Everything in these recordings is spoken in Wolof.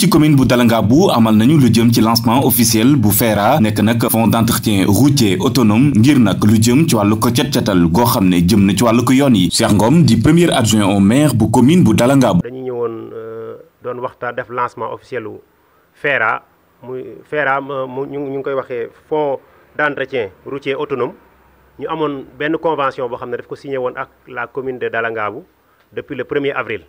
ci commune bu Dalangaabu amal nañu lu jëm ci lancement officiel bu FERA nekk nag fond d'entretien routier autonome ngir nag lu jëm ci wàllu ko cet-cetal goo xam ne jëm na ci wàllu ko yoon yi Cheikh ngoom di premier adjoint au maire bu commune bu Dalangaabu dañu ñëwoon euh, doon waxtaan def lancement officiel FERA muy FERA euh, mu ñu ngi koy waxee fond d'entretien routier autonome ñu amoon benn convention boo xam ne daf ko signe woon ak la commune de Dalangaabu depuis le premier avril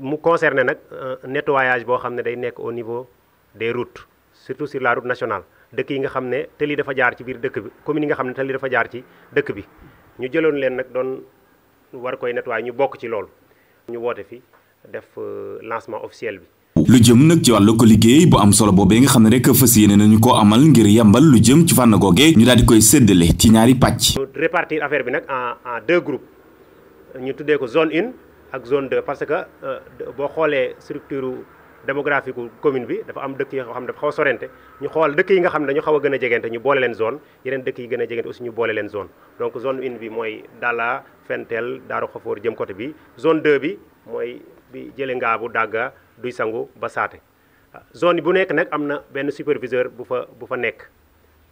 mu concerné nag euh, nettoyage boo xam ne day nekk au niveau des routes surtout sur la route nationale dëkk yi nga xam ne te lii dafa jaar ci biir dëkk bi commune yi nga xam ne tali dafa jaar ci dëkk bi ñu jëloon leen nag doon war koy nettoyer ñu bokk ci loolu ñu woote fi def euh, lancement officiel bi lu jëm nag ci wàllu ko liggéey bu am solo boobee nga xam ne rek fas yéene nañu koo amal ngir yembal lu jëm ci fànn googee ñu daal di koy séddale ci ñaari pàcc. répartir affaire bi nag en en deux ñu tuddee ko zone une ak zone de parce que euh, boo xoolee structure démographique commune bi dafa am dëkk yoo xam ne dafa xaw a sorente ñu xool dëkk yi nga xam ne dañu xaw a gën a jegente ñu boole leen zone yeneen dëkk yi gën a jegente aussi ñu boole leen zone donc zone bi mooy Dalla Fentel Daaru Xafoor jëm côté bi zone 2 bi mooy bi jële ngaabu dàgga duy sangu ba saate ah, zone bu nekk nag am na benn superviseur bu fa bu fa nekk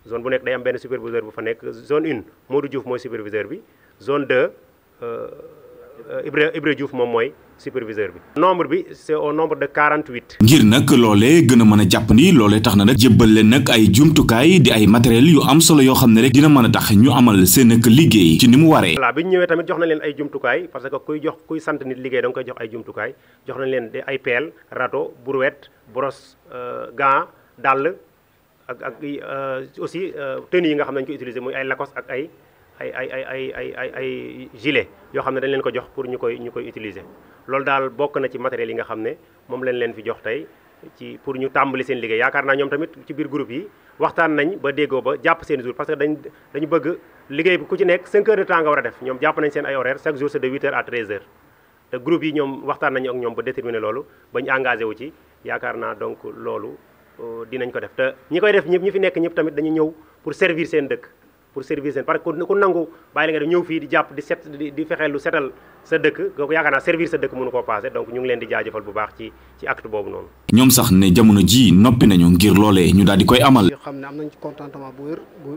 zone bu nekk day am benn superviseur bu fa nekk zone une moo Modou Diouf mooy superviseur bi zone de Ibra euh, Ibra Diouf moom mooy superviseur bi. nombre bi c'est au nombre de 48. ngir nag loolee gën a mën a jàpp ni loolee tax na nag jëbbal leen nag ay jumtukaay di ay matériel yu am solo yoo xam ne rek dina mën a tax ñu amal seen ak liggéey ci ni mu waree. voilà bi ñëwee tamit jox na leen ay jumtukaay parce que kuy jox kuy sant nit liggéey da nga koy jox ay jumtukaay jox nañ leen ay pelle râteau brouette brosse euh, gant dàll ak ak euh, aussi tenue yi nga xam ne dañu koy muy ay Lacoste ak ay. ay ay ay ay gilet yoo xam ne dañ leen ko jox pour ñu koy ñu koy utiliser. loolu daal bokk na ci matériel yi nga xam ne moom lañ leen fi jox tey ci pour ñu tàmbali seen liggéey yaakaar naa ñoom tamit ci biir groupe yi waxtaan nañ ba déggoo ba jàpp seen jour parce que dañ bëgg liggéey bi ku ci nekk 5 heures de def ñoom jàpp nañ seen ay horaire chaque jour c'est de 8 ñoom waxtaan nañu ak ñoom ba déterminer loolu ba ñu wu ci yaakaar naa donc loolu euh, dinañ ko def te ñi koy def ñëpp ñi fi nekk ñëpp tamit dañu ñëw pour servir seen dëkk pour service parce que ku nangu bàyyi la nga def ñëw fii di jàpp di set di fexee lu setal sa dëkk ko yaakaar naa servir sa dëkk mënu koo passé donc ñu ngi leen di jaajëfal bu baax ci ci acte boobu noonu ñoom sax ne jamono ji noppi nañu ngir loolee ñu daal di koy amal yoo xam ne am nañ ci contentement bu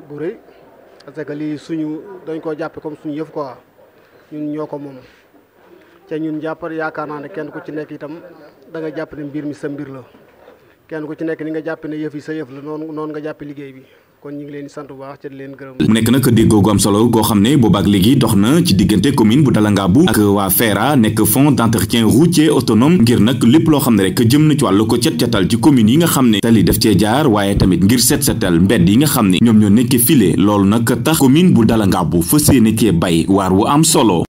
bu rëy parce que lii suñu dañ koo jàppe comme suñu yëf quoi ñun ñoo ko moom te ñun jàppal yaakaar naa ne kenn ku ci nekk itam da jàpp ne mbir mi sa mbir la kenn ku ci nekk ni nga jàpp ne yëf yi sa yëf la noonu noonu nga jàppe liggéey bi kon ñu ngi leen di sant bu baax ci leen gërëm. mu nekk nag déggoo gu am solo goo xam ne boobaak léegi dox na ci diggante commune bu Dalangaabu ak waa FERA nekk fonds d'entretien routier otonom ngir nag lépp loo xam ne rek jëm na ci wàll ko cet-cetal ci commune yi nga xam ne tali def cee jaar waaye tamit ngir set-setal mbedd yi nga xam ne ñoom ñoo nekkee file loolu nag tax commune bu Dalangaabu fas yéene cee bay waar wu am solo